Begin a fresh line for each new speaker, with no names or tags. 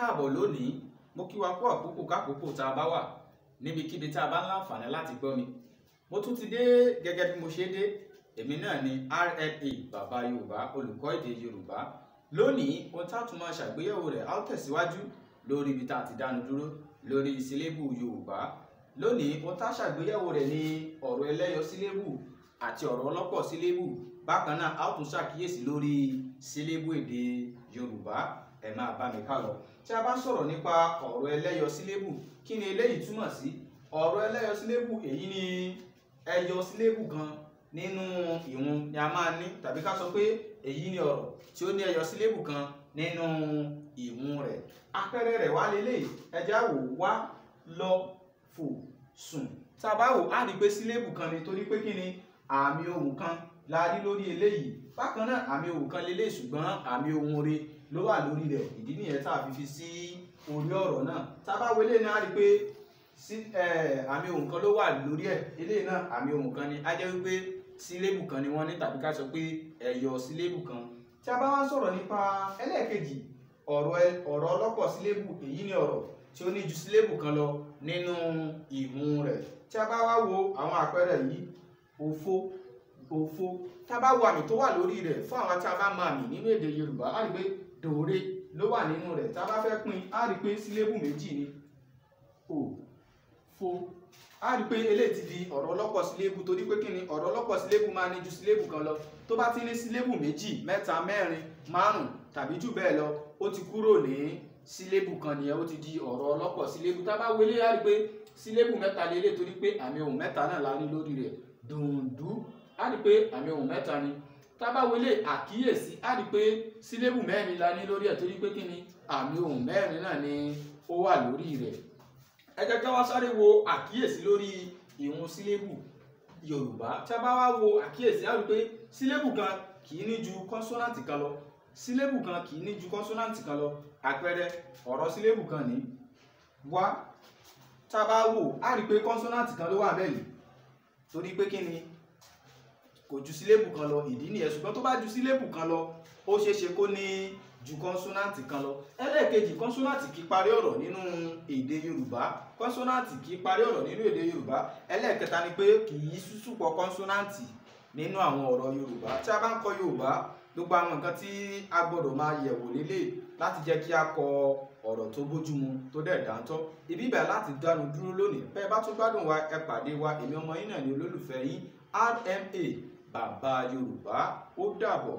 káàbọ̀ lónìí mo kí wa kú àkókò kákòókò tá a bá wà níbikíbi tá a bá ń láǹfààní láti gbọ́ mi mo tún ti dé gẹ́gẹ́ bí mo ṣe dé èmi náà ni rfa bàbá yorùbá olùkọ́ èdè yorùbá lónìí ohun tá a tún máa ṣàgbéyẹ̀wò rẹ̀ á tẹ̀síwájú lórí ibi tá a ti dánu dúró lórí sílébù yorùbá lónìí ohun tá a ṣàgbéyẹ̀wò rẹ̀ ni ọ̀rọ̀ ẹlẹ́yọ sílébù àti ọ̀rọ̀ ọlọ́pọ̀ sílébù bákan náà a ó tún ṣàkíyèsí lórí sílébù èdè Yorùbá ẹ máa bá mi ká lọ tí a bá ń sọ̀rọ̀ nípa ọ̀rọ̀ ẹlẹ́yọ sílébù kí ni eléyìí túmọ̀ sí ọ̀rọ̀ ẹlẹ́yọ sílébù èyí ni ẹyọ sílébù kan nínú ìwọn ni a máa ní tàbí ká sọ pé èyí ni ọ̀rọ̀ tí ó ní ẹyọ sílébù kan nínú ìwọn rẹ̀ àpẹẹrẹ rẹ̀ wá lélẹ̀ ẹja wò wá lọ fò sùn tá a bá wò á rí i pé sílébù kan ni torí pé kí ni àmì ohùn kan la rí lórí eléyìí bákan náà àmì ohùn kan lélẹ̀ ṣùgbọ́n àmì ohùn re ló wà lórí rẹ̀ ìdí nìyẹn tá a fi fi sí orí ọ̀rọ̀ náà tá a bá wọlé náà rí pé àmì ohùn kan ló wà lórí ẹ̀ eléyìí náà àmì ohùn kan ni á jẹ́ wípé sílébù kan ni wọ́n ní tàbí ká sọ pé ẹ̀yọ̀ sílébù kan tí a bá wá sọ̀rọ̀ nípa ẹlẹ́ẹ̀kejì ọ̀rọ̀ ọlọ́pọ̀ sílébù èyí ni ọ̀rọ̀ tí ó ní ju sílébù kan lọ nínú ìhun rẹ̀ tí a bá wá wo àwọn àpẹẹrẹ yìí òfo òfo tá wo àmì tó wà lórí rẹ̀ fún àwọn tá a bá mọ àmì nínú èdè yorùbá á rí pé dòre ló wà nínú rẹ̀ tá a bá á rí pé sílébù méjì ni o fo a rí i pé eléyìí ti di ọ̀rọ̀ ọlọ́pọ̀ sílébù torí pé kíni ọ̀rọ̀ ọlọ́pọ̀ sílébù máa ní ju sílébù kan lọ tó bá ti ní sílébù méjì mẹ́ta mẹ́rin márùn tàbí jù bẹ́ẹ̀ lọ ó ti kúrò ní sílébù kan nìyẹn ó ti di ọ̀rọ̀ ọlọ́pọ̀ sílébù tá a bá wọlé a rí i pé sílébù mẹ́ta lélẹ̀ torí pé àmì ohùn mẹ́ta náà la ní lórí rẹ̀ dùndú a rí i pé àmì ohùn mẹ́ta ni tá a bá wọlé àkíyèsí a rí i pé sílébù mẹ́rin la ní lórí ẹ̀ torí pé kíni àmì ohùn mẹ́rin náà ni ó wà lórí rẹ̀ ẹ jẹ́ ká wá sáré wo àkíyèsí lórí ìwọn sílébù yorùbá tí a bá wá wo àkíyèsí á rí pé sílébù kan kì í ní ju kọ́nsọ́nàtì kan lọ sílébù kan kì í ní ju kọ́nsọ́nàtì kan lọ àpẹẹrẹ ọ̀rọ̀ sílébù kan ní wá tá a bá wò á rí pé kọ́nsọ́nàtì kan ló wà bẹ́ẹ̀ yìí torí pé kí ni kò ju sílébù kan lọ ìdí nìyẹn ṣùgbọ́n tó bá ju sílébù kan lọ ó ṣeé ṣe kó ní ju kọ́nsọ́nàtì kan lọ ẹlẹ́ẹ̀kejì kọ́nsọ́nàtì kì í parí ọ̀rọ̀ nínú èdè yorùbá kọ́nsọ́nàtì kì í parí ọ̀rọ̀ nínú èdè yorùbá ẹlẹ́ẹ̀kẹta ni pé kì í súsùpọ̀ kọ́nsọ́nàtì nínú àwọn ọ̀rọ̀ yorùbá tí a bá ń kọ yorùbá gbogbo àwọn nǹkan tí a gbọ́dọ̀ máa yẹ̀wò lélẹ̀ láti jẹ́ kí a kọ ọ̀rọ̀ tó bójúmu tó dẹ̀ dáńtọ́ ibi ìbẹ̀ láti dánu dúró lónìí bẹ́ẹ̀ bá tún gbádùn wa ẹ pàdé wa èmi ọmọ yín náà ní olólùfẹ́ yín RMA bàbá yorùbá ó dàbọ̀